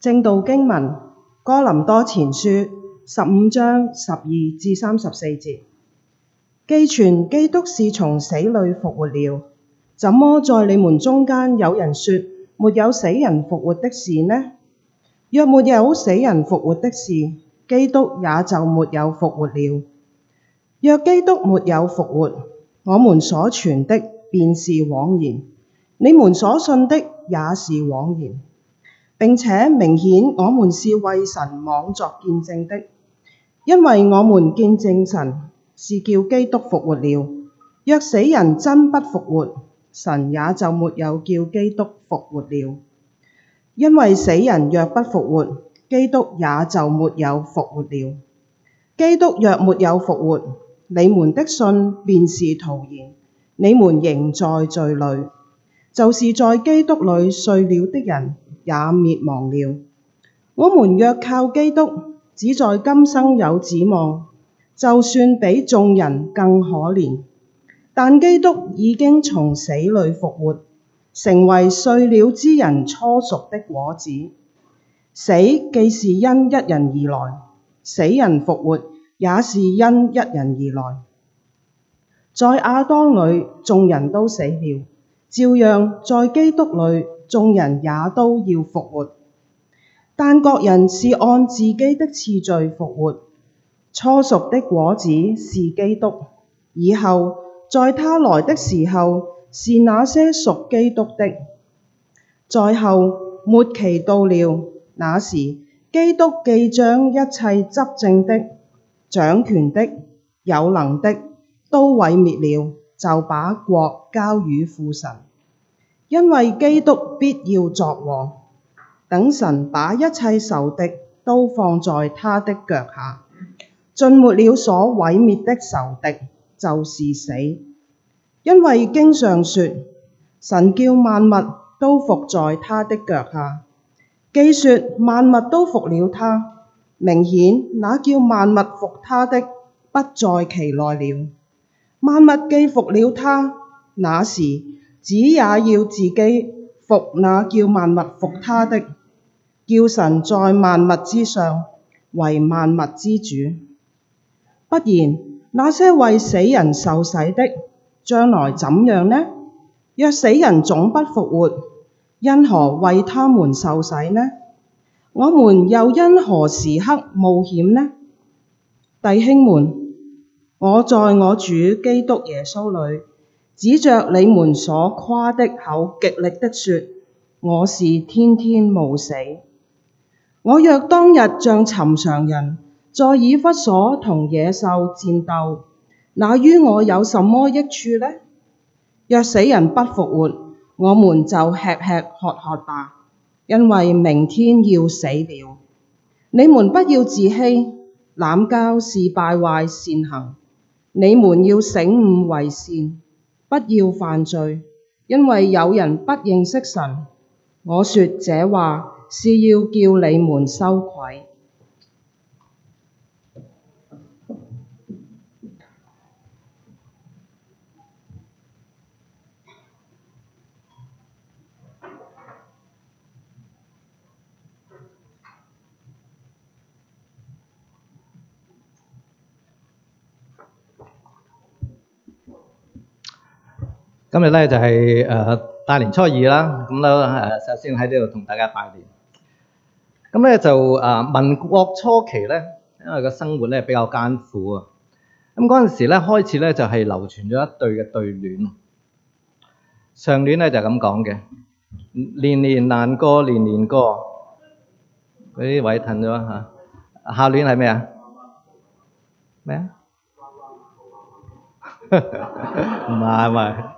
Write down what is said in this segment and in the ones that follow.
正道經文哥林多前書十五章十二至三十四節，既傳，基督是從死裏復活了。怎麼在你們中間有人說沒有死人復活的事呢？若沒有死人復活的事，基督也就沒有復活了。若基督沒有復活，我們所傳的便是枉然，你們所信的也是枉然，並且明顯我們是為神妄作見證的，因為我們見證神是叫基督復活了。若死人真不復活，神也就沒有叫基督復活了，因為死人若不復活，基督也就沒有復活了。基督若沒有復活，你們的信便是徒然，你們仍在罪裏，就是在基督裏睡了的人也滅亡了。我們若靠基督，只在今生有指望，就算比眾人更可憐，但基督已經從死裏復活，成為睡了之人初熟的果子。死既是因一人而來，死人復活也是因一人而來。在亞當裏眾人都死了，照樣在基督裏眾人也都要復活。但各人是按自己的次序復活。初熟的果子是基督，以後在他來的時候是那些屬基督的。最後末期到了。那時，基督既將一切執政的、掌權的、有能力的都毀滅了，就把國交與父神。因為基督必要作王，等神把一切仇敵都放在他的腳下。盡末了所毀滅的仇敵，就是死。因為經上說：神叫萬物都服在他的腳下。既說萬物都服了他，明顯那叫萬物服他的不在其內了。萬物既服了他，那時子也要自己服那叫萬物服他的，叫神在萬物之上為萬物之主。不然，那些為死人受洗的，將來怎樣呢？若死人總不復活？因何為他們受洗呢？我們又因何時刻冒險呢？弟兄們，我在我主基督耶穌裏，指着你們所誇的口，極力的說，我是天天冒死。我若當日像尋常人，在以弗所同野獸戰鬥，那於我有什麼益處呢？若死人不復活，我們就吃吃喝喝吧，因為明天要死了。你們不要自欺，濫交是敗壞善行。你們要醒悟為善，不要犯罪，因為有人不認識神。我說這話，是要叫你們羞愧。今日咧就係誒大年初二啦，咁咧誒首先喺呢度同大家拜年。咁咧就誒民國初期咧，因為個生活咧比較艱苦啊，咁嗰陣時咧開始咧就係流傳咗一對嘅對聯。上聯咧就咁講嘅，年年難過年年過，嗰啲位褪咗吓。下聯係咩啊？咩啊？唔係唔係。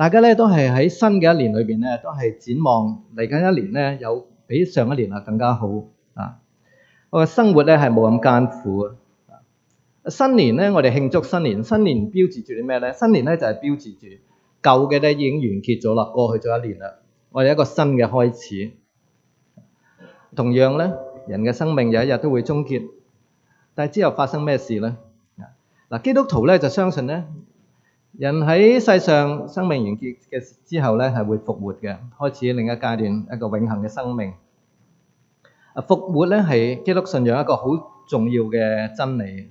大家咧都係喺新嘅一年裏邊咧，都係展望嚟緊一年咧，有比上一年啊更加好啊！我嘅生活咧係冇咁艱苦啊！新年咧，我哋慶祝新年。新年標誌住啲咩咧？新年咧就係、是、標誌住舊嘅咧已經完結咗啦，過去咗一年啦，我哋一個新嘅開始。啊、同樣咧，人嘅生命有一日都會終結，但係之後發生咩事咧？嗱、啊，基督徒咧就相信咧。人喺世上生命完結嘅之後咧，係會復活嘅，開始另一階段一個永恆嘅生命。啊，復活咧係基督信仰一個好重要嘅真理。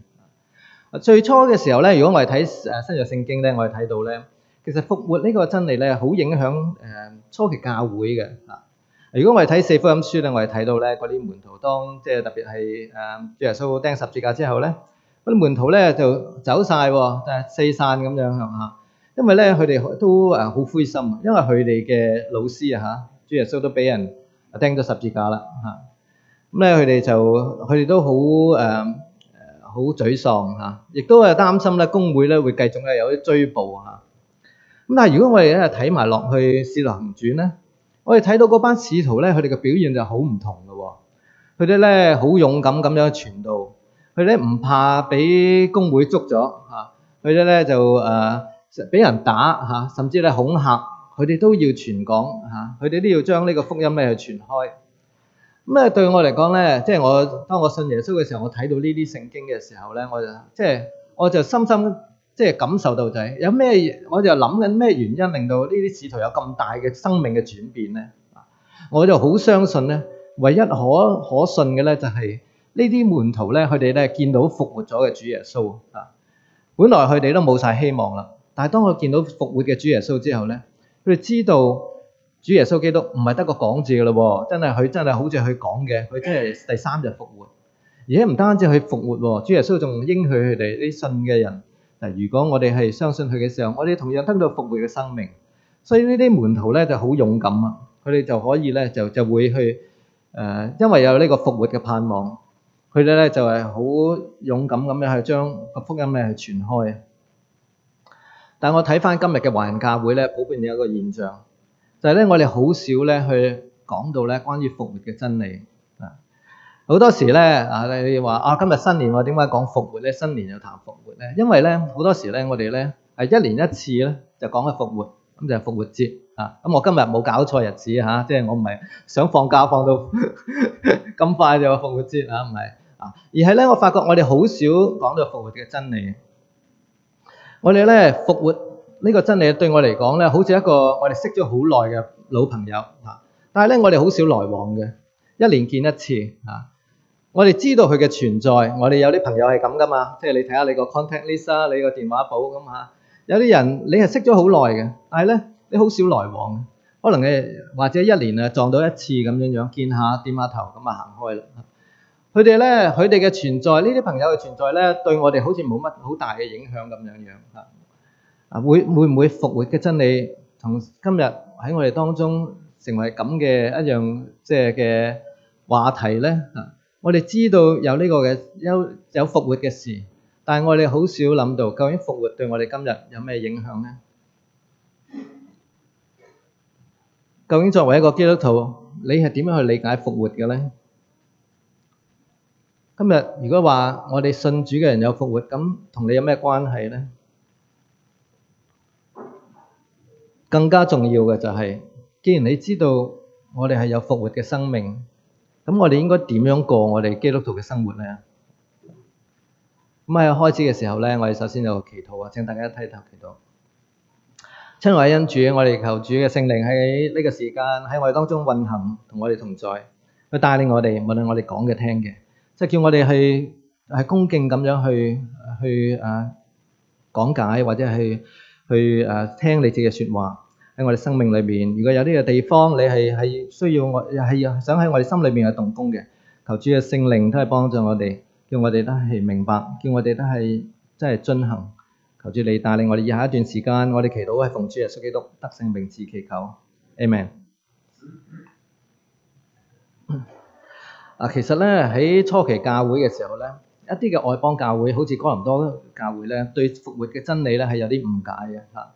啊、最初嘅時候咧，如果我哋睇誒新約聖經咧，我哋睇到咧，其實復活呢個真理咧，好影響誒、嗯、初期教會嘅。啊，如果我哋睇四福音書咧，我哋睇到咧，嗰啲門徒當即係特別係誒、啊、耶穌釘十字架之後咧，啲門徒咧就走晒真係四散咁樣嚇，因為咧佢哋都誒好灰心啊，因為佢哋嘅老師啊嚇，主耶穌都俾人釘咗十字架啦嚇，咁咧佢哋就佢哋都好誒好沮喪嚇，亦、啊、都係擔心咧，公會咧會繼續咧有啲追捕嚇。咁、啊、但係如果我哋咧睇埋落去《使徒行傳》咧，我哋睇到嗰班使徒咧，佢哋嘅表現就好唔同㗎喎，佢哋咧好勇敢咁樣傳道。佢咧唔怕俾公會捉咗嚇，佢咧就誒俾人打嚇，甚至咧恐嚇，佢哋都要傳講嚇，佢哋都要將呢個福音咧去傳開。咩咧對我嚟講咧，即係我當我信耶穌嘅時候，我睇到呢啲聖經嘅時候咧，我就即係我就深深即係感受到就係有咩，我就諗緊咩原因令到呢啲使徒有咁大嘅生命嘅轉變咧。我就好相信咧，唯一可可信嘅咧就係、是。呢啲門徒咧，佢哋咧見到復活咗嘅主耶穌啊！本來佢哋都冇晒希望啦，但係當我見到復活嘅主耶穌之後咧，佢哋知道主耶穌基督唔係得個講字嘅咯喎，真係佢真係好似佢講嘅，佢真係第三日復活，而且唔單止佢復活喎，主耶穌仲應許佢哋啲信嘅人嗱，如果我哋係相信佢嘅時候，我哋同樣得到復活嘅生命。所以呢啲門徒咧就好勇敢啊！佢哋就可以咧就就會去誒、呃，因為有呢個復活嘅盼望。佢哋咧就係好勇敢咁樣，去將福音咧係傳開。但我睇翻今日嘅華人教會咧，普遍有一個現象，就係咧我哋好少咧去講到咧關於復活嘅真理啊。好多時咧啊，你話啊，今日新年我點解講復活咧？新年又談復活咧？因為咧好多時咧我哋咧係一年一次咧就講嘅復活，咁就係復活節。啊！咁、嗯、我今日冇搞錯日子嚇、啊，即係我唔係想放假放到咁 快就復活節啊，唔係啊，而係咧，我發覺我哋好少講到復活嘅真理。我哋咧復活呢個真理對我嚟講咧，好似一個我哋識咗好耐嘅老朋友嚇、啊，但係咧我哋好少來往嘅，一年見一次嚇、啊。我哋知道佢嘅存在，我哋有啲朋友係咁㗎嘛，即係你睇下你個 contact list 你個電話簿咁嚇、啊。有啲人你係識咗好耐嘅，但係咧。你好少來往可能誒或者一年啊撞到一次咁樣樣，見下點下頭咁啊行開啦。佢哋咧，佢哋嘅存在，呢啲朋友嘅存在咧，對我哋好似冇乜好大嘅影響咁樣樣嚇。啊，會會唔會復活嘅真理，從今日喺我哋當中成為咁嘅一樣即係嘅話題咧嚇？我哋知道有呢個嘅有有復活嘅事，但係我哋好少諗到究竟復活對我哋今日有咩影響咧？究竟作為一個基督徒，你係點樣去理解復活嘅咧？今日如果話我哋信主嘅人有復活，咁同你有咩關係咧？更加重要嘅就係，既然你知道我哋係有復活嘅生命，咁我哋應該點樣過我哋基督徒嘅生活咧？咁喺開始嘅時候咧，我哋首先有個祈禱啊！請大家低頭祈禱。親愛嘅恩主，我哋求主嘅聖靈喺呢個時間喺我哋當中運行，同我哋同在，佢帶領我哋，無論我哋講嘅、聽嘅，即係叫我哋去係恭敬咁樣去去誒講、啊、解，或者係去誒、啊、聽你哋嘅説話。喺我哋生命裏邊，如果有呢個地方你係係需要我係想喺我哋心裏邊去動工嘅，求主嘅聖靈都係幫助我哋，叫我哋都係明白，叫我哋都係真係遵行。求主你帶領我哋以下一段時間，我哋祈禱係奉主耶穌基督得勝名字祈求，Amen。啊，其實咧喺初期教會嘅時候咧，一啲嘅外邦教會好似哥林多教會咧，對復活嘅真理咧係有啲誤解嘅吓，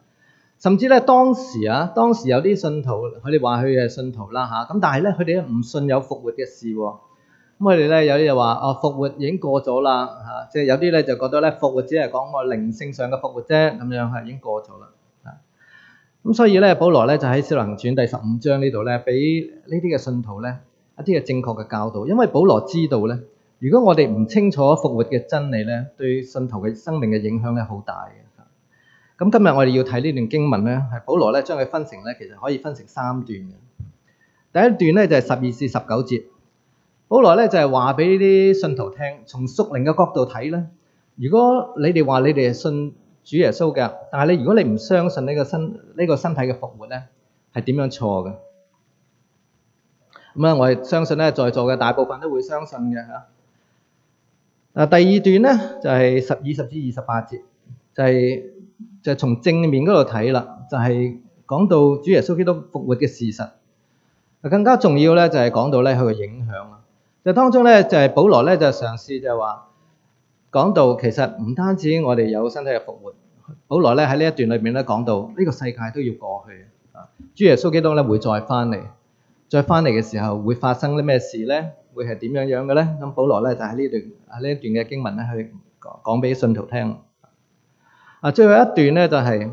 甚至咧當時啊，當時有啲信徒，佢哋話佢係信徒啦吓，咁但係咧佢哋唔信有復活嘅事。咁佢哋咧有啲就話：啊復活已經過咗啦，嚇、啊！即係有啲咧就覺得咧復活只係講我靈性上嘅復活啫，咁樣係已經過咗啦，嚇、啊！咁所以咧，保羅咧就喺《使徒行傳》第十五章呢度咧，俾呢啲嘅信徒咧一啲嘅正確嘅教導，因為保羅知道咧，如果我哋唔清楚復活嘅真理咧，對信徒嘅生命嘅影響咧好大嘅。咁、啊、今日我哋要睇呢段經文咧，係保羅咧將佢分成咧，其實可以分成三段嘅。第一段咧就係十二至十九節。好來咧，就係話畀呢啲信徒聽，從宿靈嘅角度睇咧。如果你哋話你哋係信主耶穌嘅，但係你如果你唔相信呢個身呢、呢個身體嘅復活咧，係點樣錯嘅？咁、嗯、啊，我係相信咧，在座嘅大部分都會相信嘅啊。嗱，第二段咧就係、是、十二十至二十八節，就係、是、就係、是、從正面嗰度睇啦，就係、是、講到主耶穌基督復活嘅事實。更加重要咧就係講到咧佢嘅影響啊。就當中咧，就係保羅咧，就嘗試就係話講到，其實唔單止我哋有身體嘅復活，保羅咧喺呢一段裏面咧講到，呢個世界都要過去啊！主耶穌基督咧會再翻嚟，再翻嚟嘅時候會發生啲咩事咧？會係點樣樣嘅咧？咁保羅咧就喺呢段喺呢一段嘅經文咧去講講俾信徒聽。啊，最後一段咧就係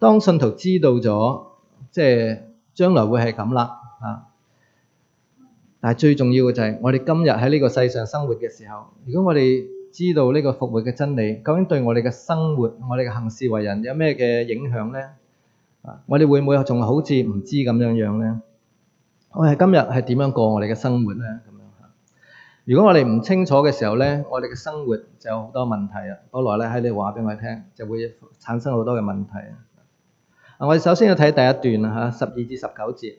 當信徒知道咗，即係將來會係咁啦啊！但係最重要嘅就係，我哋今日喺呢個世上生活嘅時候，如果我哋知道呢個復活嘅真理，究竟對我哋嘅生活、我哋嘅行事為人有咩嘅影響咧？啊，我哋會唔會仲係好似唔知咁樣樣咧？我哋今日係點樣過我哋嘅生活咧？咁樣啊？如果我哋唔清楚嘅時候咧，我哋嘅生活就有好多問題啊！好耐咧，喺你話俾我聽，就會產生好多嘅問題啊！啊，我哋首先要睇第一段啦吓，十二至十九節。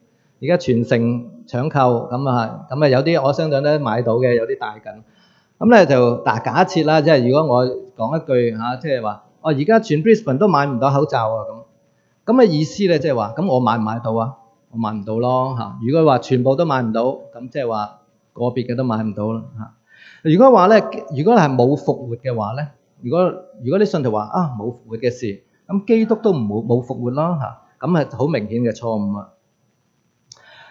而家全城搶購咁啊，咁啊有啲我相信都買到嘅，有啲帶緊。咁咧就嗱，假設啦，即係如果我講一句嚇，即係話，哦，而家全 Brisbane 都買唔到口罩啊，咁咁嘅意思咧，即係話，咁我買唔買到啊？我買唔到咯嚇。如果話全部都買唔到，咁即係話個別嘅都買唔到啦嚇。如果話咧，如果係冇復活嘅話咧，如果如果你信徒話啊冇復活嘅事，咁基督都唔冇冇復活咯嚇，咁係好明顯嘅錯誤啊！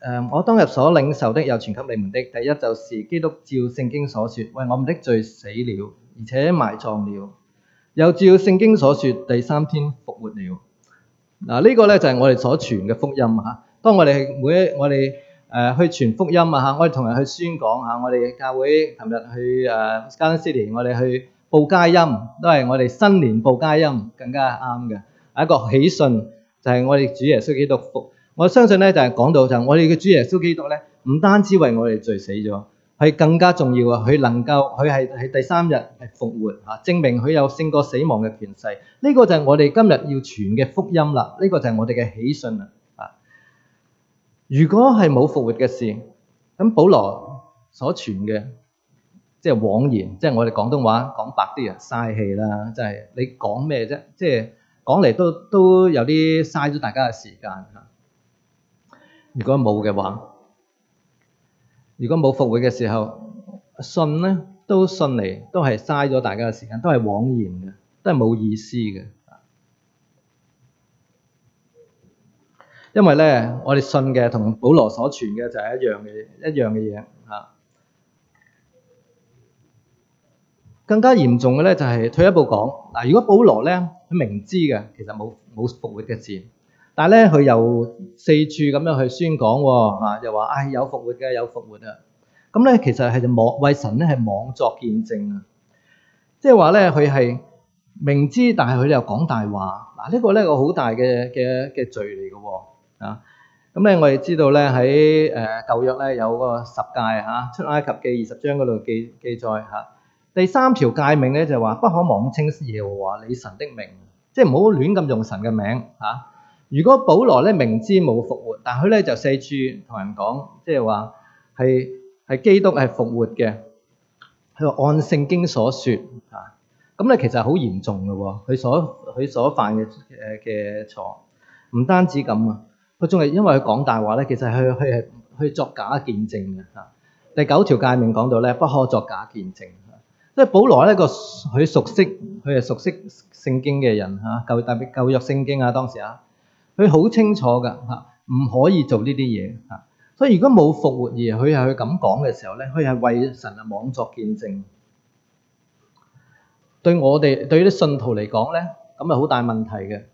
Um, 我當日所領受的又傳給你們的，第一就是基督照聖經所説，為我們的罪死了，而且埋葬了，又照聖經所説，第三天復活了。嗱、啊，這個、呢個咧就係、是、我哋所傳嘅福音嚇、啊。當我哋每一我哋誒、呃、去傳福音啊嚇，我哋同人去宣講嚇、啊，我哋教會琴日去誒加、啊、我哋去報佳音，都係我哋新年報佳音更加啱嘅，一個喜訊，就係、是、我哋主耶穌基督復。我相信咧，就係講到就我哋嘅主耶穌基督咧，唔單止為我哋罪死咗，係更加重要啊！佢能夠，佢係係第三日係復活嚇，證明佢有勝過死亡嘅權勢。呢個就係我哋今日要傳嘅福音啦。呢個就係我哋嘅喜訊啦啊！如果係冇復活嘅事，咁保羅所傳嘅即係妄言，即係我哋廣東話講白啲，人嘥氣啦，即係你講咩啫？即係講嚟都都有啲嘥咗大家嘅時間嚇。如果冇嘅話，如果冇復活嘅時候，信咧都信嚟都係嘥咗大家嘅時間，都係枉然嘅，都係冇意思嘅。因為咧，我哋信嘅同保羅所傳嘅就係一樣嘅一樣嘅嘢嚇。更加嚴重嘅咧就係退一步講，嗱，如果保羅咧佢明知嘅，其實冇冇復活嘅字。但係咧，佢又四處咁樣去宣講喎，又話：唉，有復活嘅，有復活啊！咁咧，其實係就妄為神咧係妄作見證啊！即係話咧，佢係明知，但係佢又講大話。嗱，呢個咧個好大嘅嘅嘅罪嚟嘅喎，啊！咁咧，我哋知道咧喺誒舊約咧有個十戒嚇，《出埃及記》二十章嗰度記記載嚇。第三條戒命咧就係話：不可妄稱耶和華你神的名，即係唔好亂咁用神嘅名嚇。如果保羅咧明知冇復活，但佢咧就四處同人講，即係話係係基督係復活嘅，佢按聖經所說啊，咁咧其實好嚴重噶喎，佢所佢所犯嘅嘅嘅錯，唔單止咁啊，佢仲係因為佢講大話咧，其實佢佢係去作假見證嘅啊。第九條誡命講到咧，不可作假見證，因為保羅呢個佢熟悉，佢係熟悉聖經嘅人啊，舊特別舊約聖經啊，當時啊。佢好清楚噶嚇，唔可以做呢啲嘢嚇。所以如果冇復活而佢係佢咁講嘅時候咧，佢係為神啊妄作見證。對我哋對於啲信徒嚟講咧，咁係好大問題嘅。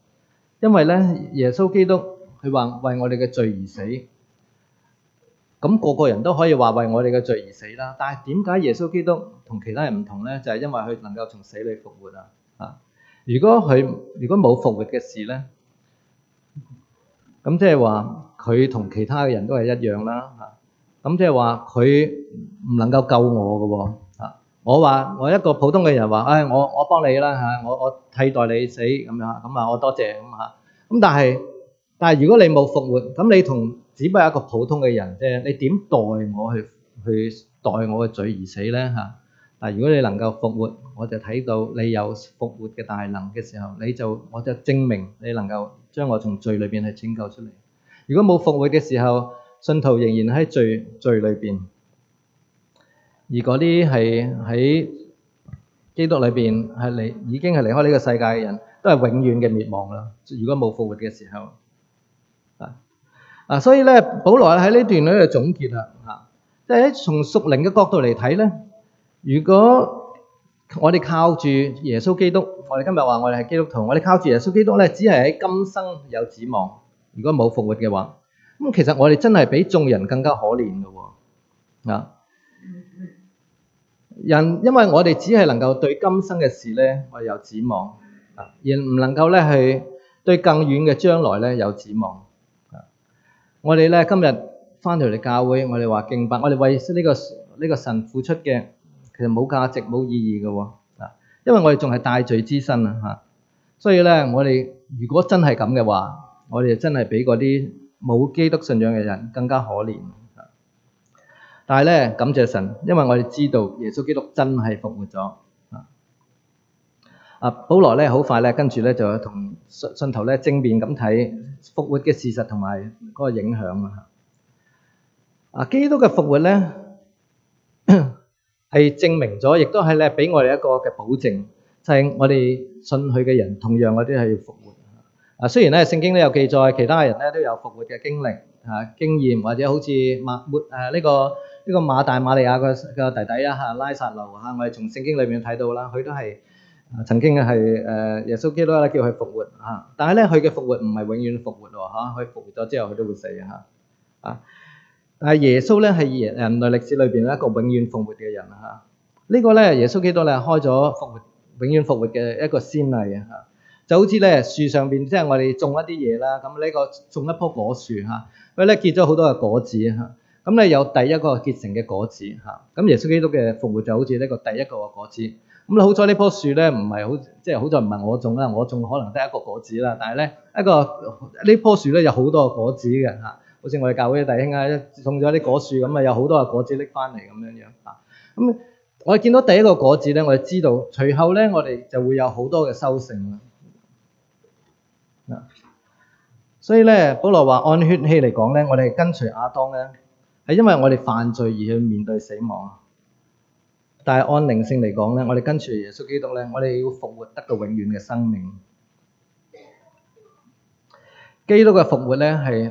因為咧，耶穌基督佢話為我哋嘅罪而死，咁個個人都可以話為我哋嘅罪而死啦。但係點解耶穌基督同其他人唔同咧？就係、是、因為佢能夠從死裏復活啊嚇。如果佢如果冇復活嘅事咧？咁即係話佢同其他嘅人都係一樣啦嚇。咁即係話佢唔能夠救我嘅喎嚇。我話我一個普通嘅人話，唉、哎，我我幫你啦嚇，我我，我替代你死咁樣，咁啊我多謝咁嚇。咁但係但係如果你冇復活，咁你同只不過一個普通嘅人啫。你點代我去去代我嘅罪而死咧嚇？但嗱，如果你能夠復活，我就睇到你有復活嘅大能嘅時候，你就我就證明你能夠。將我從罪裏邊去拯救出嚟。如果冇復活嘅時候，信徒仍然喺罪罪裏邊；而嗰啲係喺基督裏邊係離已經係離開呢個世界嘅人，都係永遠嘅滅亡啦。如果冇復活嘅時候，啊啊，所以咧，保羅喺呢段裏就總結啦嚇。即係從屬靈嘅角度嚟睇咧，如果我哋靠住耶穌基督，我哋今日話我哋係基督徒，我哋靠住耶穌基督咧，只係喺今生有指望。如果冇復活嘅話，咁其實我哋真係比眾人更加可憐嘅喎。人因為我哋只係能夠對今生嘅事咧，我哋有指望，而唔能夠咧去對更遠嘅將來咧有指望。我哋咧今日返到嚟教會，我哋話敬拜，我哋為呢個呢個神付出嘅。其實冇價值、冇意義嘅喎啊，因為我哋仲係大罪之身啊，吓，所以咧，我哋如果真係咁嘅話，我哋就真係比嗰啲冇基督信仰嘅人更加可憐啊。但係咧，感謝神，因為我哋知道耶穌基督真係復活咗啊。啊，保羅咧好快咧，跟住咧就同信信徒咧正面咁睇復活嘅事實同埋嗰個影響啊。啊，基督嘅復活咧，係證明咗，亦都係咧俾我哋一個嘅保證，就係、是、我哋信佢嘅人，同樣嗰啲係要復活。啊，雖然咧聖經都有記載，其他嘅人咧都有復活嘅經歷、啊經驗，或者好似馬沒誒呢個呢個馬大馬利亞嘅嘅弟弟啊，吓拉撒路啊，我哋從聖經裏面睇到啦，佢都係曾經嘅係耶穌基督咧叫佢復活嚇，但係咧佢嘅復活唔係永遠復活喎，佢復活咗之後佢都會死啊。啊！耶穌咧係人人類歷史裏邊咧一個永遠復活嘅人啊！呢、呢個咧耶穌基督咧開咗復活、永遠復活嘅一個先例啊！就好似咧樹上邊即係我哋種一啲嘢啦，咁呢個種一樖果樹嚇，咁咧結咗好多嘅果子嚇，咁咧有第一個結成嘅果子嚇，咁耶穌基督嘅復活就好似呢個第一個嘅果子。咁好彩呢樖樹咧唔係好，即係好在唔係我種啦，我種可能得一個果子啦，但係咧一個呢樖樹咧有好多個果子嘅嚇。好似我哋教會嘅弟兄啊，種咗啲果樹咁啊，有好多個果子拎翻嚟咁樣樣啊。咁我哋見到第一個果子咧，我哋知道，隨後咧我哋就會有好多嘅收成啦。嗱，所以咧，保羅話按血氣嚟講咧，我哋係跟隨亞當咧，係因為我哋犯罪而去面對死亡。但係按靈性嚟講咧，我哋跟隨耶穌基督咧，我哋要復活得到永遠嘅生命。基督嘅復活咧係。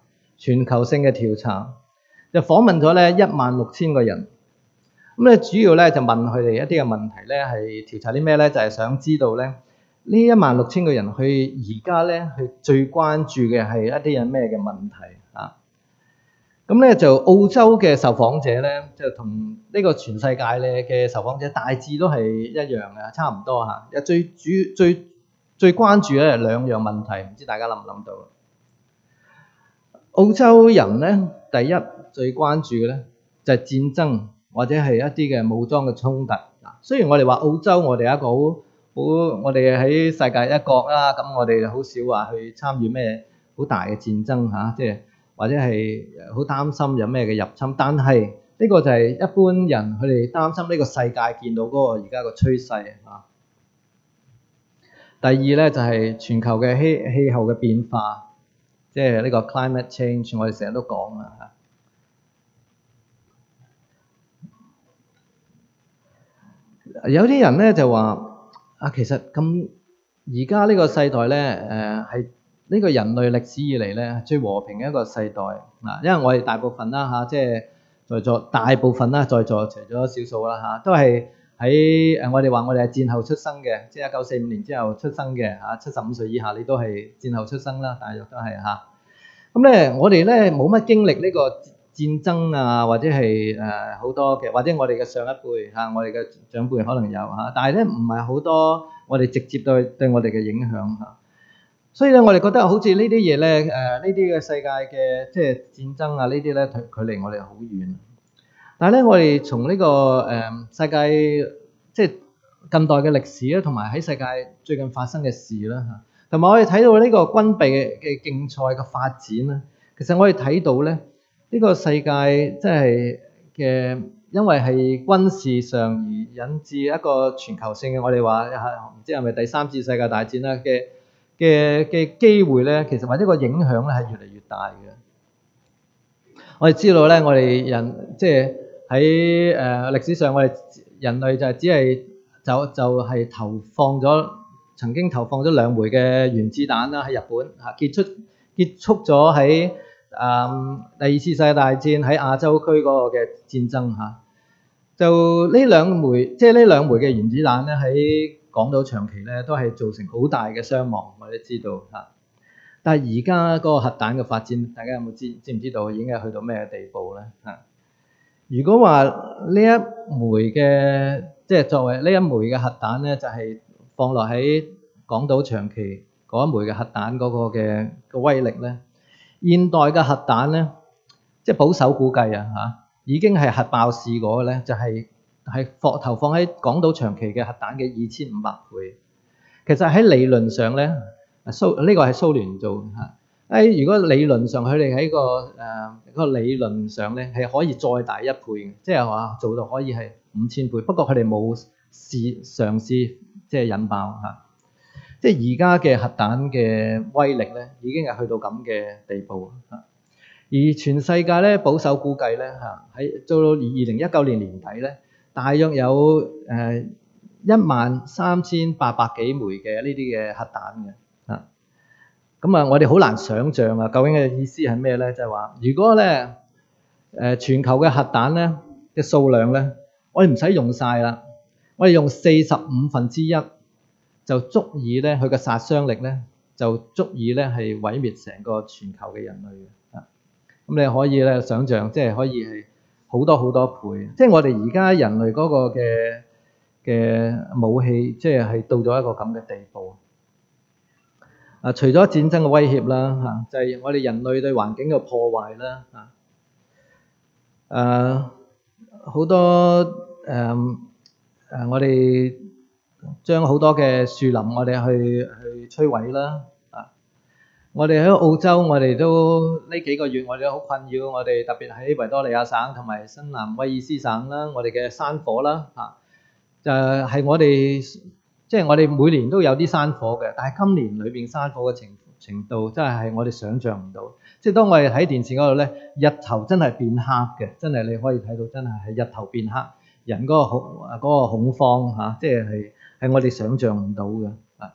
全球性嘅調查，就訪問咗咧一萬六千個人，咁咧主要咧就問佢哋一啲嘅問題咧，係調查啲咩咧？就係想知道咧呢一萬六千個人去而家咧，佢最關注嘅係一啲人咩嘅問題啊？咁咧就澳洲嘅受訪者咧，就同呢個全世界咧嘅受訪者大致都係一樣嘅，差唔多吓。有最主最最關注咧兩樣問題，唔知大家諗唔諗到？澳洲人咧，第一最關注嘅咧就係戰爭或者係一啲嘅武裝嘅衝突。嗱，雖然我哋話澳洲我，我哋一個好好，我哋喺世界一角啦，咁我哋好少話去參與咩好大嘅戰爭嚇，即係或者係好擔心有咩嘅入侵。但係呢個就係一般人佢哋擔心呢個世界見到嗰個而家個趨勢嚇。第二咧就係全球嘅氣氣候嘅變化。即係呢個 climate change，我哋成日都講啊。有啲人咧就話：啊，其實咁而家呢個世代咧，誒係呢個人類歷史以嚟咧最和平嘅一個世代啊！因為我哋大部分啦嚇，即係在座大部分啦，在座除咗少數啦嚇，都係。喺誒，我哋話我哋係戰後出生嘅，即係一九四五年之後出生嘅嚇，七十五歲以下你都係戰後出生啦，大約都係嚇。咁、啊、咧，我哋咧冇乜經歷呢個戰爭啊，或者係誒好多嘅，或者我哋嘅上一輩嚇、啊，我哋嘅長輩可能有嚇、啊，但係咧唔係好多我哋直接對對我哋嘅影響嚇、啊。所以咧，我哋覺得好似呢啲嘢咧，誒呢啲嘅世界嘅即係戰爭啊，呢啲咧距距離我哋好遠。但係咧，我哋從呢、這個誒、呃、世界，即係近代嘅歷史咧，同埋喺世界最近發生嘅事啦嚇，同埋我哋睇到呢個軍備嘅競賽嘅發展咧，其實我哋睇到咧，呢、這個世界即係嘅，因為係軍事上而引致一個全球性嘅，我哋話唔知係咪第三次世界大戰啦嘅嘅嘅機會咧，其實或者個影響咧係越嚟越大嘅。我哋知道咧，我哋人即係。喺誒、呃、歷史上，我哋人類就係只係就就係、是、投放咗曾經投放咗兩枚嘅原子彈啦，喺日本嚇、啊、結束結束咗喺誒第二次世界大戰喺亞洲區嗰個嘅戰爭嚇、啊。就呢兩枚，即係呢兩枚嘅原子彈咧，喺講到長期咧都係造成好大嘅傷亡，我哋知道嚇、啊。但係而家嗰個核彈嘅發展，大家有冇知知唔知道已經係去到咩地步咧嚇？啊。如果話呢一枚嘅，即係作為呢一枚嘅核彈咧，就係、是、放落喺港島長期嗰一枚嘅核彈嗰個嘅個威力咧，現代嘅核彈咧，即係保守估計啊嚇，已經係核爆試過咧，就係係放投放喺港島長期嘅核彈嘅二千五百倍。其實喺理論上咧，蘇、這、呢個係蘇聯做嚇。誒，如果理論上佢哋喺個誒、呃、個理論上咧，係可以再大一倍嘅，即係話做到可以係五千倍。不過佢哋冇試嘗試，嘗試即係引爆嚇、啊。即係而家嘅核彈嘅威力咧，已經係去到咁嘅地步嚇、啊。而全世界咧，保守估計咧嚇，喺、啊、做到二零一九年年底咧，大約有誒一萬三千八百幾枚嘅呢啲嘅核彈嘅。咁啊，我哋好難想像啊，究竟嘅意思係咩咧？就係話，如果咧，誒全球嘅核彈咧嘅數量咧，我哋唔使用晒啦，我哋用四十五分之一就足以咧，佢嘅殺傷力咧就足以咧係毀滅成個全球嘅人類嘅啊！咁你可以咧想像，即係可以係好多好多倍，即係我哋而家人類嗰個嘅嘅武器，即係係到咗一個咁嘅地步。啊！除咗戰爭嘅威脅啦，嚇、啊、就係、是、我哋人類對環境嘅破壞啦，嚇誒好多誒誒我哋將好多嘅樹林我哋去去摧毀啦，啊！我哋喺、啊、澳洲，我哋都呢幾個月我哋都好困擾，我哋特別喺維多利亞省同埋新南威爾斯省啦，我哋嘅山火啦，嚇、啊、就係、是、我哋。即係我哋每年都有啲山火嘅，但係今年裏邊山火嘅程程度真係係我哋想象唔到。即係當我哋喺電視嗰度咧，日頭真係變黑嘅，真係你可以睇到真係係日頭變黑，人嗰個恐嗰個恐慌嚇，即係係係我哋想象唔到嘅。啊，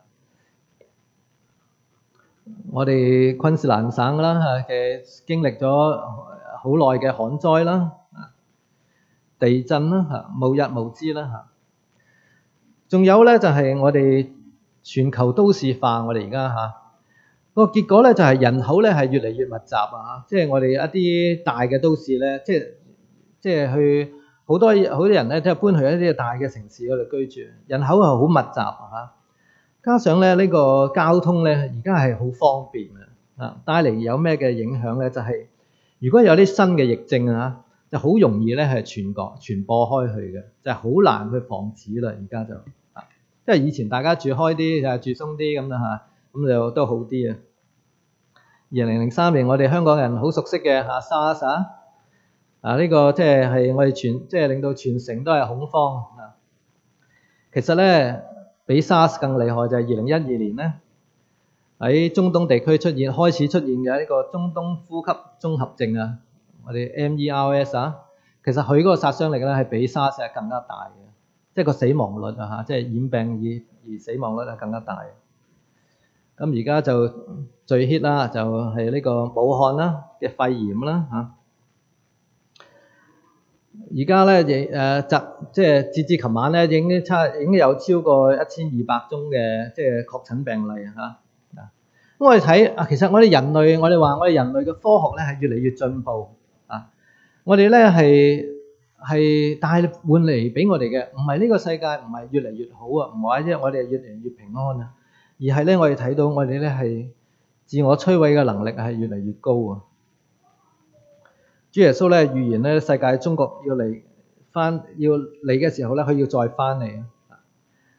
我哋昆士蘭省啦嚇嘅經歷咗好耐嘅旱災啦，啊地震啦嚇，無日無之啦嚇。仲有咧，就係我哋全球都市化，我哋而家下個結果咧，就係人口咧係越嚟越密集啊！即係我哋一啲大嘅都市咧，即即係去好多好多人咧，都搬去一啲大嘅城市嗰度居住，人口係好密集啊！加上咧呢個交通咧，而家係好方便啊！帶嚟有咩嘅影響咧？就係如果有啲新嘅疫症啊！就好容易咧，係全國傳播開去嘅，就係好難去防止啦。而家就啊，即係以前大家住開啲，就係住鬆啲咁啦嚇，咁就都好啲啊。二零零三年，我哋香港人好熟悉嘅 SARS 啊，呢、這個即係係我哋全即係、就是、令到全城都係恐慌啊。其實咧，比 SARS 更厲害就係二零一二年咧，喺中東地區出現，開始出現嘅呢個中東呼吸綜合症啊。我哋 MERS 啊，其實佢嗰個殺傷力咧係比沙士更加大嘅，即係個死亡率啊嚇，即係染病而而死亡率係更加大。咁而家就最 hit 啦，就係呢個武漢啦嘅肺炎啦嚇。而家咧亦誒就即係截至琴晚咧，已經差已經有超過一千二百宗嘅即係確診病例啊。咁我哋睇啊，其實我哋人類，我哋話我哋人類嘅科學咧係越嚟越進步。我哋咧係係帶換嚟俾我哋嘅，唔係呢個世界唔係越嚟越好啊，唔係話因為我哋係越嚟越平安啊。而係咧，我哋睇到我哋咧係自我摧毀嘅能力係越嚟越高啊。主耶穌咧預言咧，世界中國要嚟翻要嚟嘅時候咧，佢要再翻嚟。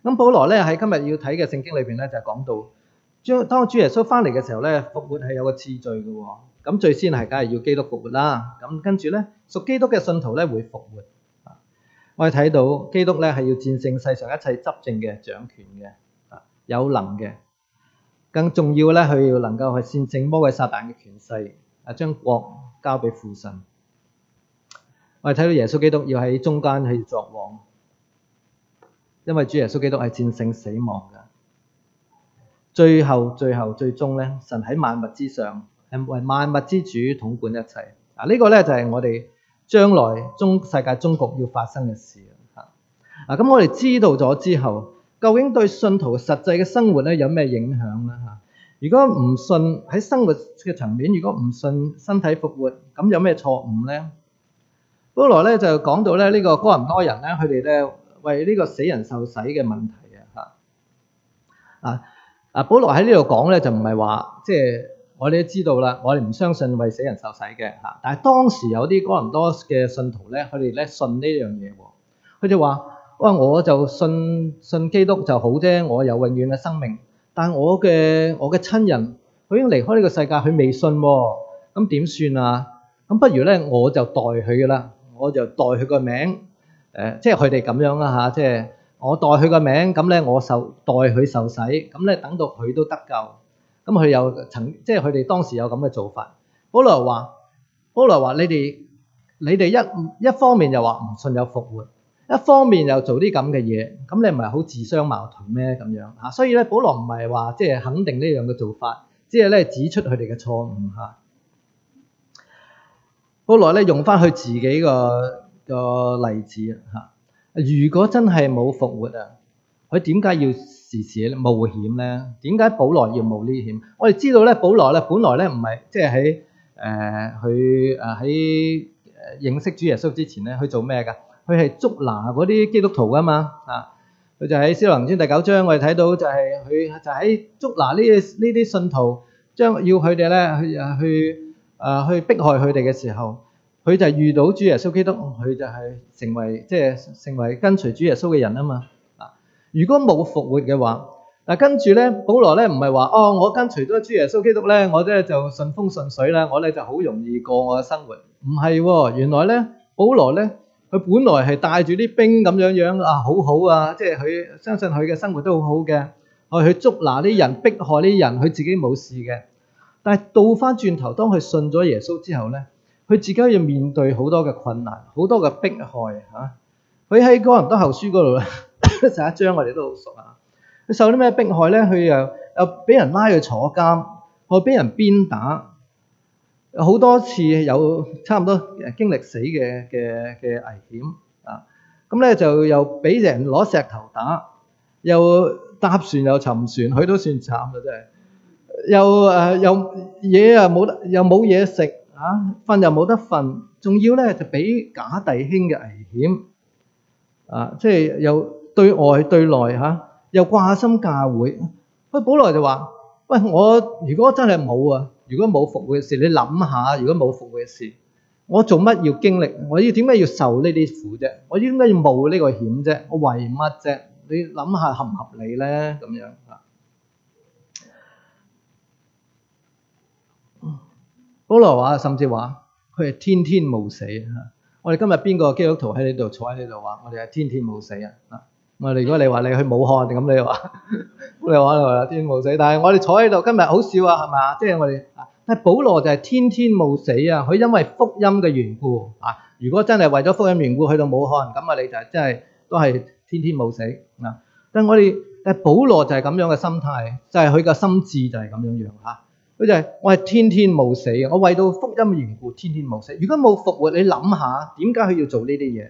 咁保羅咧喺今日要睇嘅聖經裏邊咧就講到，將當主耶穌翻嚟嘅時候咧復活係有個次序嘅。咁最先係梗係要基督復活啦。咁跟住咧，屬基督嘅信徒咧會復活。我哋睇到基督咧係要戰勝世上一切執政嘅掌權嘅，有能嘅。更重要咧，佢要能夠去戰勝魔鬼撒但嘅權勢，啊將國交俾父神。我哋睇到耶穌基督要喺中間去作王，因為主耶穌基督係戰勝死亡㗎。最後、最後、最終咧，神喺萬物之上，為萬物之主統管一切啊！呢個咧就係我哋將來中世界終局要發生嘅事啊！啊咁，我哋知道咗之後，究竟對信徒實際嘅生活咧有咩影響咧？嚇！如果唔信喺生活嘅層面，如果唔信身體復活，咁有咩錯誤咧？保羅咧就講到咧呢個哥林多人咧，佢哋咧為呢個死人受洗嘅問題啊！嚇啊啊！保羅喺呢度講咧就唔係話即係。我哋都知道啦，我哋唔相信為死人受洗嘅嚇。但係當時有啲哥林多嘅信徒咧，佢哋咧信呢樣嘢喎。佢就話：我我就信信基督就好啫，我有永遠嘅生命。但係我嘅我嘅親人，佢已經離開呢個世界，佢未信喎。咁點算啊？咁不如咧，我就代佢噶啦，我就代佢個名。誒，即係佢哋咁樣啦嚇，即係我代佢個名，咁咧我受代佢受洗，咁咧等到佢都得救。咁佢有曾即係佢哋當時有咁嘅做法。保羅話：保羅話你哋你哋一一方面又話唔信有復活，一方面又做啲咁嘅嘢，咁你唔係好自相矛盾咩？咁樣啊，所以咧，保羅唔係話即係肯定呢樣嘅做法，即係咧指出佢哋嘅錯誤嚇。保羅咧用翻佢自己個個例子啊嚇。如果真係冇復活啊，佢點解要？時時咧冒險咧，點解保羅要冒呢啲險？我哋知道咧，保羅咧本來咧唔係即係喺誒佢誒喺認識主耶穌之前咧去做咩噶？佢係捉拿嗰啲基督徒啊嘛啊！佢就喺《使徒行傳》第九章，我哋睇到就係佢就喺捉拿呢呢啲信徒，將要佢哋咧去去誒去迫害佢哋嘅時候，佢就遇到主耶穌基督，佢就係成為即係成為跟隨主耶穌嘅人啊嘛～如果冇復活嘅話，嗱跟住咧，保羅咧唔係話哦，我跟隨咗主耶穌基督咧，我咧就順風順水啦，我咧就好容易過我嘅生活。唔係，原來咧，保羅咧，佢本來係帶住啲兵咁樣樣啊，好好啊，即係佢相信佢嘅生活都好好嘅，去、啊、捉拿啲人，迫害啲人，佢自己冇事嘅。但係倒翻轉頭，當佢信咗耶穌之後咧，佢自己要面對好多嘅困難，好多嘅迫害嚇。佢、啊、喺哥林多後書嗰度咧。 出十一張，我哋都好熟啊！佢受啲咩迫害咧？佢又又俾人拉去坐監，佢俾人鞭打，好多次有差唔多經歷死嘅嘅嘅危險啊！咁咧就又俾人攞石頭打，又搭船又沉船，佢都算慘嘞，真係。又誒又嘢啊冇得，又冇嘢食啊，瞓又冇得瞓，仲要咧就俾假弟兄嘅危險啊！即係又～對外對內嚇，又掛心教會。喂，保羅就話：喂，我如果真係冇啊，如果冇服侍嘅事，你諗下，如果冇服侍嘅事，我做乜要經歷？我要點解要受呢啲苦啫？我要點解要冒呢個險啫？我為乜啫？你諗下合唔合理咧？咁樣啊。保羅話，甚至話佢係天天冒死啊！我哋今日邊個基督徒喺呢度坐喺呢度話？我哋係天天冒死啊！啊！我哋如果你話你去武漢咁，你話你話你話天天冇死，但係我哋坐喺度今日好笑啊，係嘛？即係我哋啊，但保羅就係天天冇死啊！佢因為福音嘅緣故啊，如果真係為咗福音緣故去到武漢，咁啊你就真係都係天天冇死啊！但係我哋但保羅就係咁樣嘅心態，即係佢嘅心智就係咁樣樣吓，佢就係我係天天冇死嘅，我為到福音嘅緣故天天冇死。如果冇復活，你諗下點解佢要做呢啲嘢？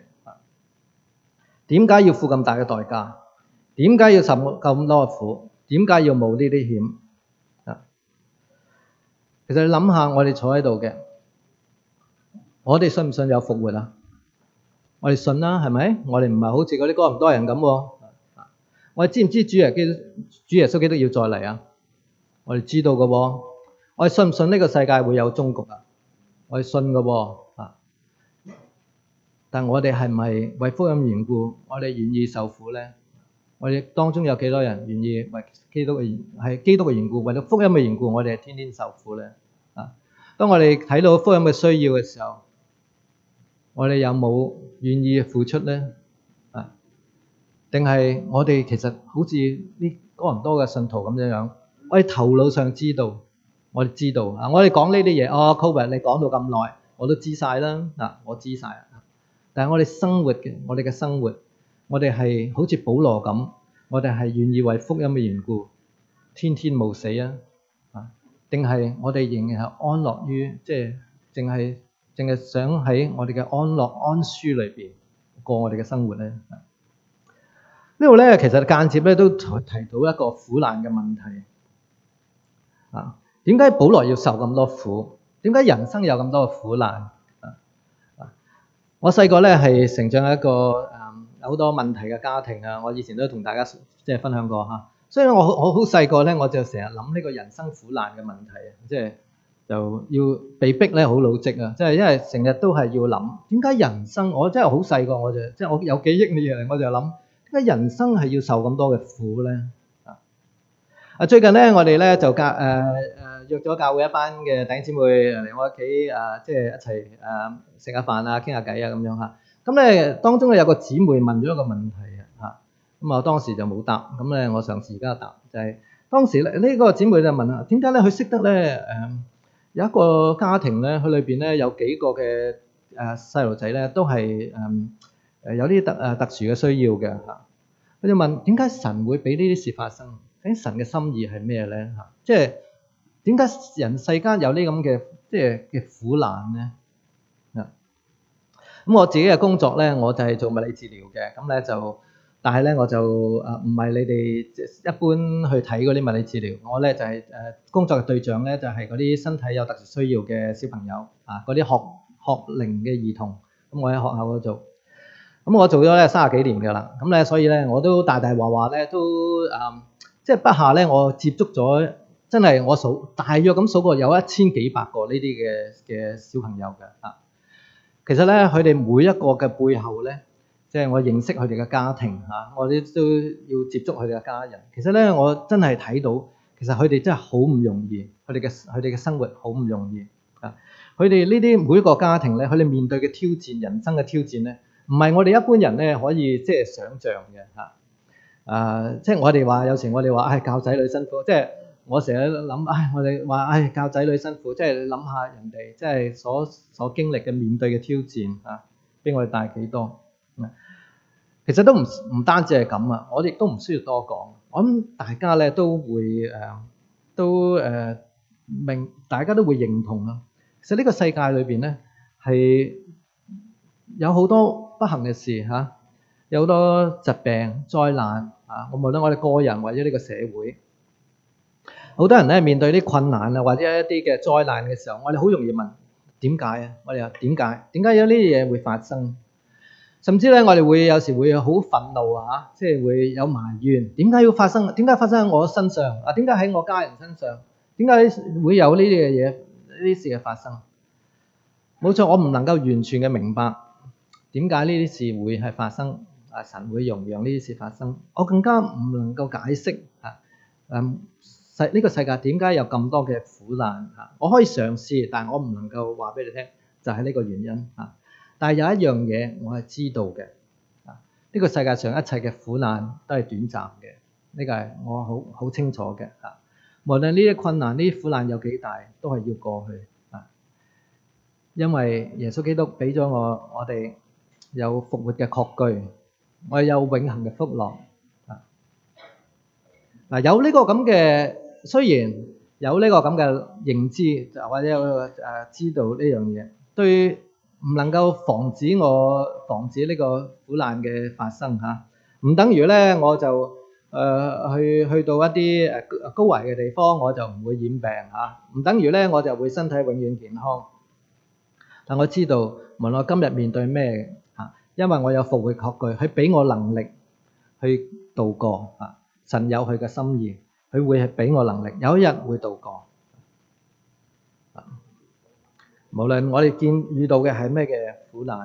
點解要付咁大嘅代價？點解要受咁多苦？點解要冒呢啲險？其實你諗下，我哋坐喺度嘅，我哋信唔信有復活啊？我哋信啦，係咪？我哋唔係好似嗰啲哥唔多人咁。我哋知唔知主耶,主耶穌基督要再嚟啊？我哋知道噶。我哋信唔信呢個世界會有終局啊？我哋信噶。但我哋係咪為福音嘅緣故，我哋願意受苦咧？我哋當中有幾多人願意為基督嘅係基督嘅緣故，為咗福音嘅緣故，我哋係天天受苦咧？啊！當我哋睇到福音嘅需要嘅時候，我哋有冇願意付出咧？啊！定係我哋其實好似呢個人多嘅信徒咁樣樣？我喺頭腦上知道，我哋知道啊！我哋講呢啲嘢，哦，COVID 你講到咁耐，我都知晒啦！啊，我知晒。但係我哋生活嘅，我哋嘅生活，我哋係好似保羅咁，我哋係願意為福音嘅緣故，天天冇死啊！啊，定係我哋仍然係安樂於，即係淨係淨係想喺我哋嘅安樂安舒裏邊過我哋嘅生活咧。呢度咧，其實間接咧都提到一個苦難嘅問題啊。點解保羅要受咁多苦？點解人生有咁多嘅苦難？我細個咧係成長一個誒好、嗯、多問題嘅家庭啊，我以前都同大家即係分享過吓、啊，所以咧我好好細個咧，我，我就成日諗呢個人生苦難嘅問題啊，即係就要被逼咧好老積啊，即係因為成日都係要諗點解人生，我真係好細個我就即係我有記憶嘅嘢，我就諗點解人生係要受咁多嘅苦咧？啊啊最近咧我哋咧就隔誒。呃約咗教會一班嘅弟兄姊妹嚟我屋企，誒，即係一齊誒食下飯啊，傾下偈啊，咁樣嚇。咁咧，當中咧有個姊妹問咗一個問題啊，嚇。咁啊，當時就冇答。咁咧，我上次而家答，就係當時咧，呢個姊妹就問啊，點解咧佢識得咧？誒，有一個家庭咧，佢裏邊咧有幾個嘅誒細路仔咧，都係誒誒有啲特誒特殊嘅需要嘅嚇。佢就問點解神會俾呢啲事發生？咁神嘅心意係咩咧？嚇，即係。點解人世間有呢咁嘅即係嘅苦難咧？咁、嗯、我自己嘅工作咧，我就係做物理治療嘅。咁、嗯、咧就，但係咧我就誒唔係你哋一般去睇嗰啲物理治療。我咧就係、是、誒、呃、工作嘅對象咧，就係嗰啲身體有特殊需要嘅小朋友啊，嗰啲學學齡嘅兒童。咁、嗯、我喺學校嗰度做，咁、嗯、我做咗咧三十幾年㗎喇。咁、嗯、咧所以咧我都大大話話咧都誒，即、嗯、係、就是、不下咧我接觸咗。真係，我數大約咁數過有一千幾百個呢啲嘅嘅小朋友嘅啊。其實咧，佢哋每一個嘅背後咧，即係我認識佢哋嘅家庭嚇，我哋都要接觸佢哋嘅家人。其實咧，我真係睇到其實佢哋真係好唔容易，佢哋嘅佢哋嘅生活好唔容易啊。佢哋呢啲每一個家庭咧，佢哋面對嘅挑戰、人生嘅挑戰咧，唔係我哋一般人咧可以即係想像嘅嚇。啊，即係我哋話有時我哋話唉，教仔女辛苦，即係。我成日諗，唉，我哋話，唉，教仔女辛苦，即係諗下人哋，即係所所經歷嘅面對嘅挑戰啊，比我哋大幾多。其實都唔唔單止係咁啊！我亦都唔需要多講，我諗大家咧都會誒，都誒明，大家都會認同啊。其實呢個世界裏邊咧，係有好多不幸嘅事嚇，有好多疾病、災難啊。我無論我哋個人或者呢個社會。好多人咧面對啲困難啊，或者一啲嘅災難嘅時候，我哋好容易問點解啊？我哋又點解？點解有呢啲嘢會發生？甚至咧，我哋會有時會好憤怒啊！即係會有埋怨，點解要發生？點解發生喺我身上？啊，點解喺我家人身上？點解會有呢啲嘅嘢、呢啲事嘅發生？冇錯，我唔能夠完全嘅明白點解呢啲事會係發生啊？神會容讓呢啲事發生，我更加唔能夠解釋啊！嗯。呢個世界點解有咁多嘅苦難啊？我可以嘗試，但係我唔能夠話俾你聽，就係、是、呢個原因啊。但係有一樣嘢我係知道嘅啊，呢、這個世界上一切嘅苦難都係短暫嘅，呢、這個係我好好清楚嘅啊。無論呢啲困難、呢啲苦難有幾大，都係要過去啊。因為耶穌基督俾咗我我哋有復活嘅確據，我哋有永恆嘅福樂啊。嗱，有呢個咁嘅。雖然有呢個咁嘅認知，或者誒、啊、知道呢樣嘢，對唔能夠防止我防止呢個苦難嘅發生吓，唔、啊、等於咧我就誒、呃、去去到一啲誒高危嘅地方我就唔會染病吓，唔、啊、等於咧我就會身體永遠健康。但我知道無論我今日面對咩吓、啊，因為我有復活確據，佢俾我能力去度過吓、啊，神有佢嘅心意。佢會係俾我能力，有一日會渡過。無論我哋見遇到嘅係咩嘅苦難，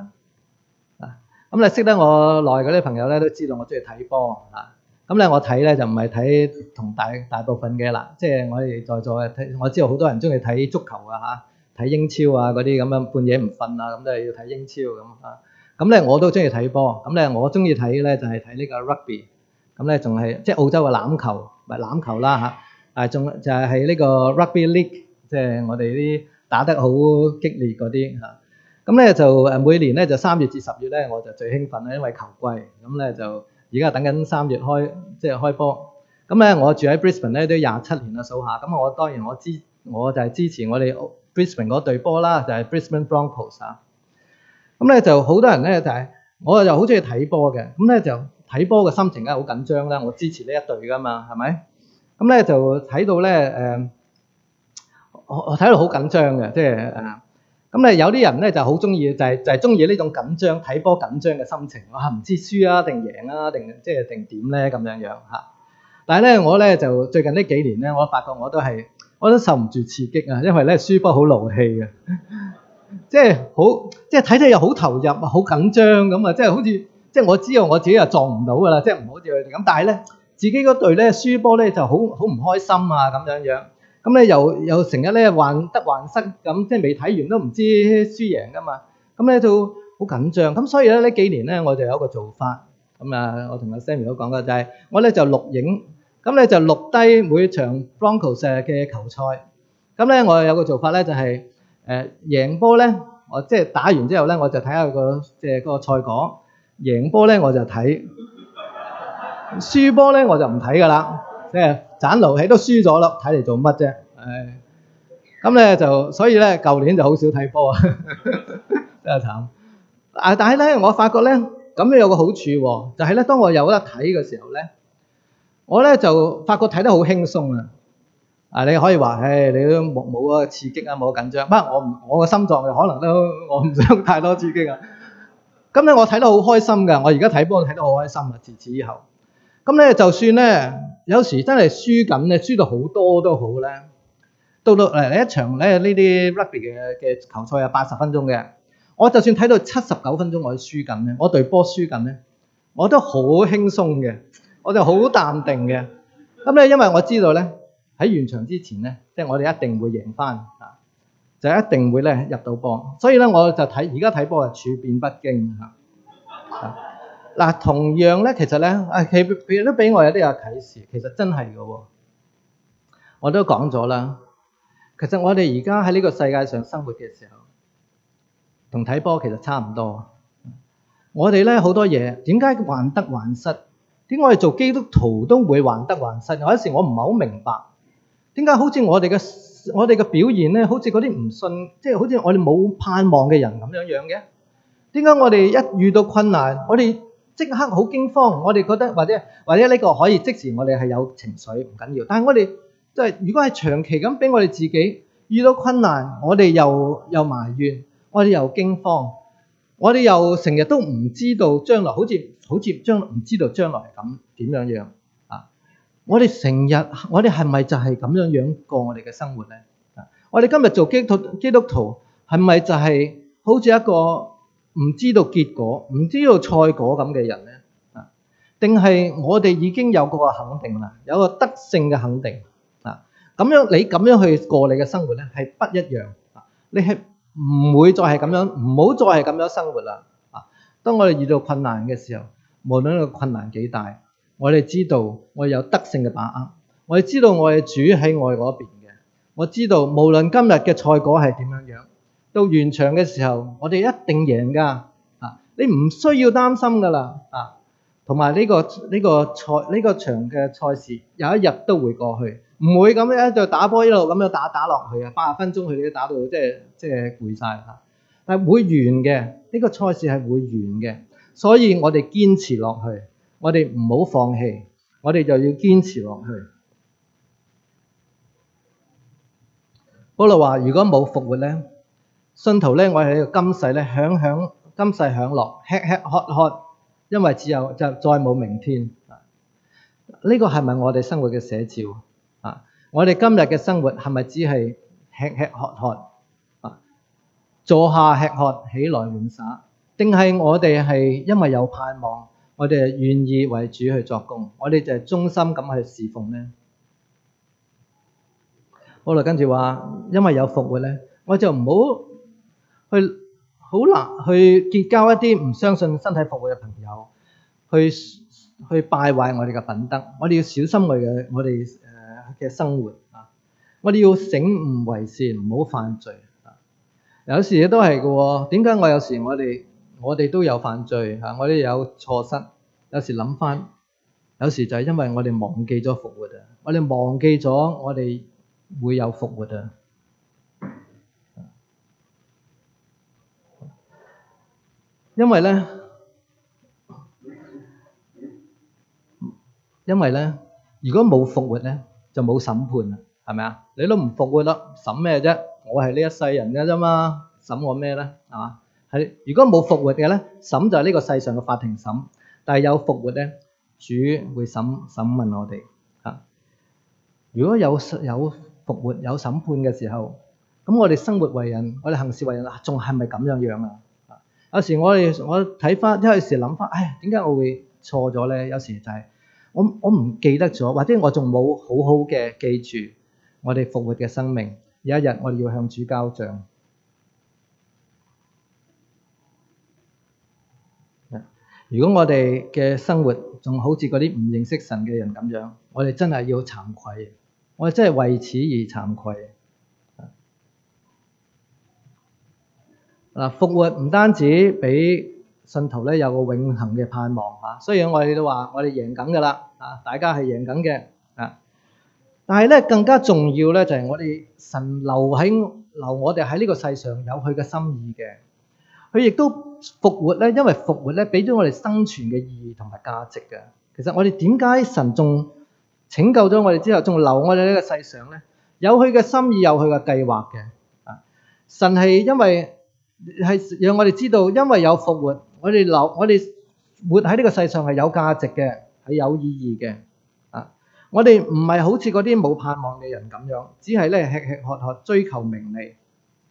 啊咁你、嗯、識得我耐嗰啲朋友咧都知道我中意睇波啊。咁、嗯、咧我睇咧就唔係睇同大大部分嘅啦，即係我哋在座嘅睇，我知道好多人中意睇足球啊嚇，睇英超啊嗰啲咁樣半夜唔瞓啊咁、嗯、都係要睇英超咁啊。咁、嗯、咧、嗯、我都中意睇波，咁、啊、咧我中意睇咧就係睇呢個 Rugby。咁咧仲係即係澳洲嘅欖球，咪欖球啦嚇，但、啊、仲就係喺呢個 rugby league，即係我哋啲打得好激烈嗰啲嚇。咁、啊、咧、嗯、就誒每年咧就三月至十月咧我就最興奮咧，因為球季咁咧、嗯、就而家等緊三月開，即係開波。咁、嗯、咧、嗯、我住喺 Brisbane 咧都廿七年啦，數下。咁、嗯、我當然我支，我就係支持我哋 Brisbane 嗰隊波啦，就係、是、Brisbane Broncos 嚇、啊。咁、嗯、咧、嗯、就好多人咧就係、是、我就好中意睇波嘅，咁、嗯、咧、嗯、就。睇波嘅心情梗係好緊張啦！我支持呢一隊㗎嘛，係咪？咁咧就睇到咧誒、呃，我我睇到好緊張嘅，即係啊！咁咧有啲人咧就好中意，就係、是呃、就係中意呢種緊張睇波緊張嘅心情。哇、啊！唔知輸啊定贏啊定即係定點咧咁樣呢樣嚇。但係咧我咧就最近呢幾年咧，我發覺我都係我都受唔住刺激啊！因為咧輸波好勞氣啊，即係好即係睇睇又好投入啊，緊張就是、好緊張咁啊，即係好似～即係我知道我自己啊撞唔到㗎啦，即係唔好似佢哋咁。但係咧，自己嗰隊咧輸波咧就好好唔開心啊，咁樣樣咁咧又又成日咧患得患失咁，即係未睇完都唔知輸贏㗎嘛。咁咧就好緊張咁，所以咧呢幾年咧我就有個做法咁啊，我同阿 Sam 都講過就係我咧就錄影咁咧就錄低每場 Broncos 嘅球賽。咁咧我有個做法咧就係誒贏波咧，我即係打完之後咧我就睇下個即係個賽果。贏波呢，我就睇，輸波呢，我就唔睇㗎啦即係，盞流氣都輸咗囉睇嚟做乜啫。咁呢就，所以呢，舊年就好少睇波，真係慘，但係呢，我發覺呢，咁你有個好處喎，就係呢，當我有得睇嘅時候呢，我呢就發覺睇得好輕鬆，你可以話，你都冇冇個刺激，冇緊張，不過我唔，我個心臟，可能都我唔想太多刺激，咁咧我睇得好開心嘅，我而家睇波睇得好開心啊！自此以後，咁咧就算咧，有時真係輸緊咧，輸到好多都好咧。到到嚟呢一場咧呢啲 rugby 嘅嘅球賽啊，八十分鐘嘅，我就算睇到七十九分鐘我輸緊咧，我隊波輸緊咧，我都好輕鬆嘅，我就好淡定嘅。咁咧因為我知道咧喺完場之前咧，即係我哋一定會贏翻。就一定會咧入到波，所以咧我就睇而家睇波係處變不驚嚇。嗱 同樣咧，其實咧，佢佢都俾我有啲有啟示，其實真係嘅喎。我都講咗啦，其實我哋而家喺呢個世界上生活嘅時候，同睇波其實差唔多。我哋咧好多嘢點解患得患失？點解我哋做基督徒都會患得患失？有時我唔係好明白點解好似我哋嘅。我哋嘅表現咧，好似嗰啲唔信，即係好似我哋冇盼望嘅人咁樣樣嘅。點解我哋一遇到困難，我哋即刻好驚慌，我哋覺得或者或者呢個可以即時，我哋係有情緒唔緊要。但係我哋即係如果係長期咁俾我哋自己遇到困難，我哋又又埋怨，我哋又驚慌，我哋又成日都唔知道將來好似好似將唔知道將來係咁點樣樣。我哋成日，我哋係咪就係咁樣樣過我哋嘅生活咧？啊！我哋今日做基督徒，基督徒係咪就係好似一個唔知道結果、唔知道賽果咁嘅人咧？啊！定係我哋已經有個肯定啦，有個得勝嘅肯定啊！咁樣你咁樣去過你嘅生活咧，係不一樣啊！你係唔會再係咁樣，唔好再係咁樣生活啦！啊！當我哋遇到困難嘅時候，無論個困難幾大。我哋知道我有得勝嘅把握，我哋知道我哋主喺我哋嗰邊嘅，我知道無論今日嘅賽果係點樣樣，到完場嘅時候，我哋一定贏噶啊！你唔需要擔心噶啦啊！同埋呢個呢、這個賽呢、這個這個場嘅賽事有一日都會過去，唔會咁樣就打波一路咁樣打打落去啊！八十分鐘佢哋都打到即係即係攰晒啊！係會完嘅呢、這個賽事係會完嘅，所以我哋堅持落去。我哋唔好放棄，我哋就要堅持落去。保羅話：如果冇復活咧，信徒咧，我喺今世咧享享今世享樂，吃吃喝喝，因為只有就再冇明天啊，呢個係咪我哋生活嘅寫照啊？我哋今日嘅生活係咪只係吃吃喝喝啊？坐下吃喝，起來玩耍，定係我哋係因為有盼望？我哋係願意為主去作工，我哋就係忠心咁去侍奉咧。好啦，跟住話，因為有復活嘅咧，我就唔好去好難去結交一啲唔相信身體復活嘅朋友，去去敗壞我哋嘅品德。我哋要小心我哋嘅我哋誒嘅生活啊！我哋要醒悟為善，唔好犯罪啊！有時都係嘅喎，點解我有時我哋？我哋都有犯罪啊，我哋有錯失。有時諗翻，有時就係因為我哋忘記咗復活啊！我哋忘記咗我哋會有復活啊！因為咧，因為咧，如果冇復活咧，就冇審判啦，係咪啊？你都唔復活啦，審咩啫？我係呢一世人嘅啫嘛，審我咩咧？係嘛？係，如果冇復活嘅咧，審就係呢個世上嘅法庭審。但係有復活咧，主會審審問我哋啊。如果有有復活有審判嘅時候，咁我哋生活為人，我哋行事為人啊，仲係咪咁樣樣啊，啊？有時我哋我睇翻，有時諗翻，唉、哎，點解我會錯咗咧？有時就係我我唔記得咗，或者我仲冇好好嘅記住我哋復活嘅生命。有一日我哋要向主交賬。如果我哋嘅生活仲好似嗰啲唔認識神嘅人咁樣，我哋真係要慚愧，我哋真係為此而慚愧。嗱，啊，復活唔單止俾信徒咧有個永恒嘅盼望啊，所以我哋都話我哋贏緊噶啦啊，大家係贏緊嘅啊。但係咧更加重要咧就係我哋神留喺留我哋喺呢個世上有佢嘅心意嘅。佢亦都復活咧，因為復活咧，俾咗我哋生存嘅意義同埋價值嘅。其實我哋點解神仲拯救咗我哋之後，仲留我哋呢個世上咧？有佢嘅心意，有佢嘅計劃嘅。啊，神係因為係讓我哋知道，因為有復活，我哋留我哋活喺呢個世上係有價值嘅，係有意義嘅。啊，我哋唔係好似嗰啲冇盼望嘅人咁樣，只係咧，吃吃喝喝，追求名利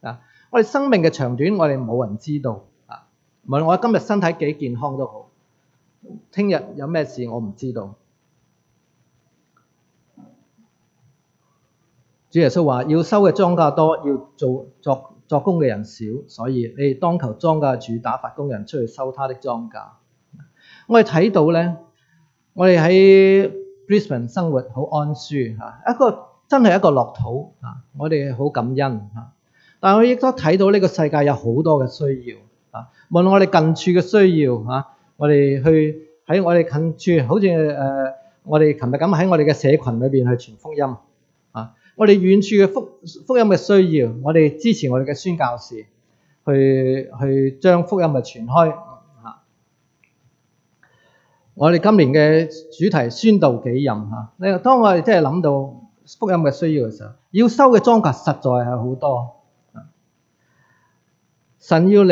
啊。我哋生命嘅長短，我哋冇人知道啊！無論我今日身體幾健康都好，聽日有咩事我唔知道。主耶穌話：要收嘅莊稼多，要做作作工嘅人少，所以你哋當求莊稼主打發工人出去收他的莊稼。我哋睇到咧，我哋喺 Brisbane 生活好安舒嚇，一個真係一個樂土嚇，我哋好感恩嚇。但我亦都睇到呢個世界有好多嘅需要啊！無論我哋近處嘅需要嚇、啊，我哋去喺我哋近處，好似誒、呃、我哋琴日咁喺我哋嘅社群裏邊去傳福音啊！我哋遠處嘅福福音嘅需要，我哋支持我哋嘅宣教士去去將福音嘅傳開嚇、啊。我哋今年嘅主題宣道己任嚇，你、啊、當我哋真係諗到福音嘅需要嘅時候，要收嘅莊稼實在係好多。神要你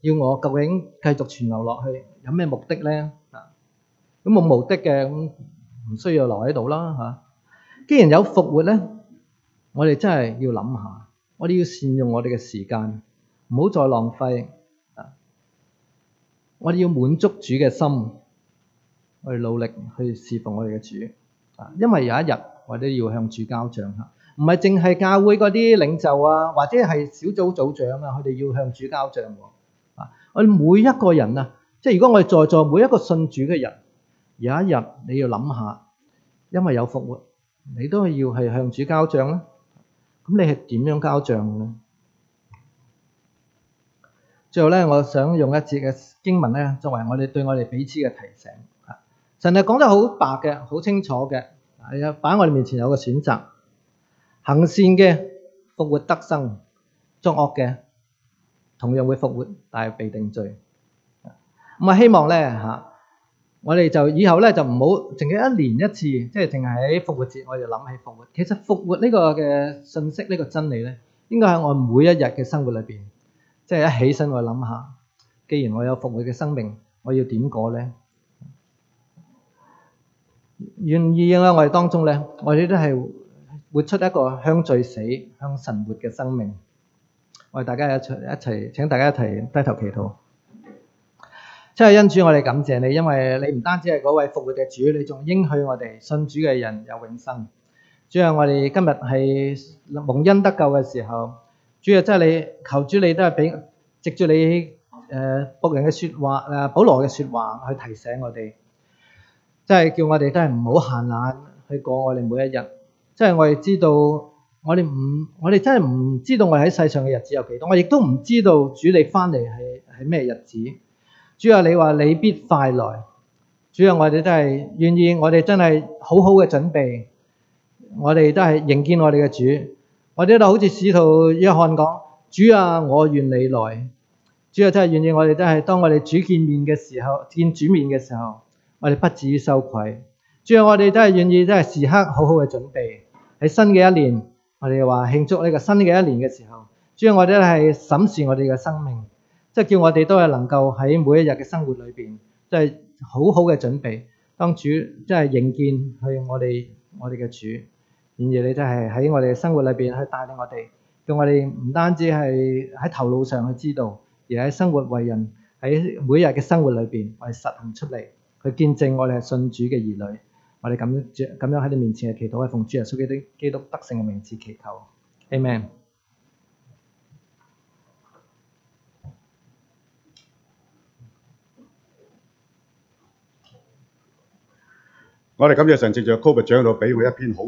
要我究竟繼續存留落去有咩目的咧？啊，咁冇目的嘅，咁唔需要留喺度啦嚇。既然有復活咧，我哋真係要諗下，我哋要善用我哋嘅時間，唔好再浪費啊！我哋要滿足主嘅心，我哋努力去侍奉我哋嘅主啊，因為有一日我哋要向主交賬嚇。唔係淨係教會嗰啲領袖啊，或者係小組組長啊，佢哋要向主交帳喎啊！我哋每一個人啊，即係如果我哋在座每一個信主嘅人，有一日你要諗下，因為有復活，你都要係向主交帳啦，啊。咁你係點樣交帳嘅咧？最後咧，我想用一節嘅經文咧，作為我哋對我哋彼此嘅提醒啊。神係講得好白嘅，好清楚嘅，係擺喺我哋面前有個選擇。行善嘅復活得生，作惡嘅同樣會復活，但係被定罪。咁啊，希望咧嚇，我哋就以後咧就唔好淨係一年一次，即係淨係喺復活節，我哋諗起復活。其實復活呢個嘅信息，呢個真理咧，應該喺我每一日嘅生活裏邊，即係一起身我諗下，既然我有復活嘅生命，我要點過咧？願唔願意我哋當中咧，我哋都係。活出一個向罪死、向神活嘅生命，我哋大家一齊一齊請大家一齊低頭祈禱。真係，恩主，我哋感謝你，因為你唔單止係嗰位復活嘅主，你仲應許我哋信主嘅人有永生。主啊，我哋今日係蒙恩得救嘅時候，主要真係你求主，你都係俾，藉住你誒僕人嘅説話，誒保羅嘅説話去提醒我哋，真係叫我哋都係唔好懶懶去過我哋每一日。即係我哋知道，我哋唔，我哋真係唔知道我哋喺世上嘅日子有幾多，我亦都唔知道主你翻嚟係係咩日子。主啊，你話你必快來。主啊，我哋都係願意，我哋真係好好嘅準備。我哋都係迎見我哋嘅主。我哋都好似使徒約翰講：主啊，我願你來。主啊，真係願意我哋都係當我哋主見面嘅時候，見主面嘅時候，我哋不至於羞愧。主啊，我哋都係願意真係時刻好好嘅準備。喺新嘅一年，我哋話慶祝呢個新嘅一年嘅時候，主要我哋係審視我哋嘅生命，即係叫我哋都係能夠喺每一日嘅生活裏邊，即係好好嘅準備，當主即係認見去我哋我哋嘅主。然而你即係喺我哋嘅生活裏邊去帶領我哋，叫我哋唔單止係喺頭腦上去知道，而喺生活為人喺每日嘅生活裏邊為實行出嚟，去見證我哋係信主嘅兒女。我哋咁樣咁樣喺你面前嘅祈禱，係奉主耶穌基督基督得勝嘅名字祈求，阿門。我哋感謝神藉著柯伯長老喺度俾我一篇好。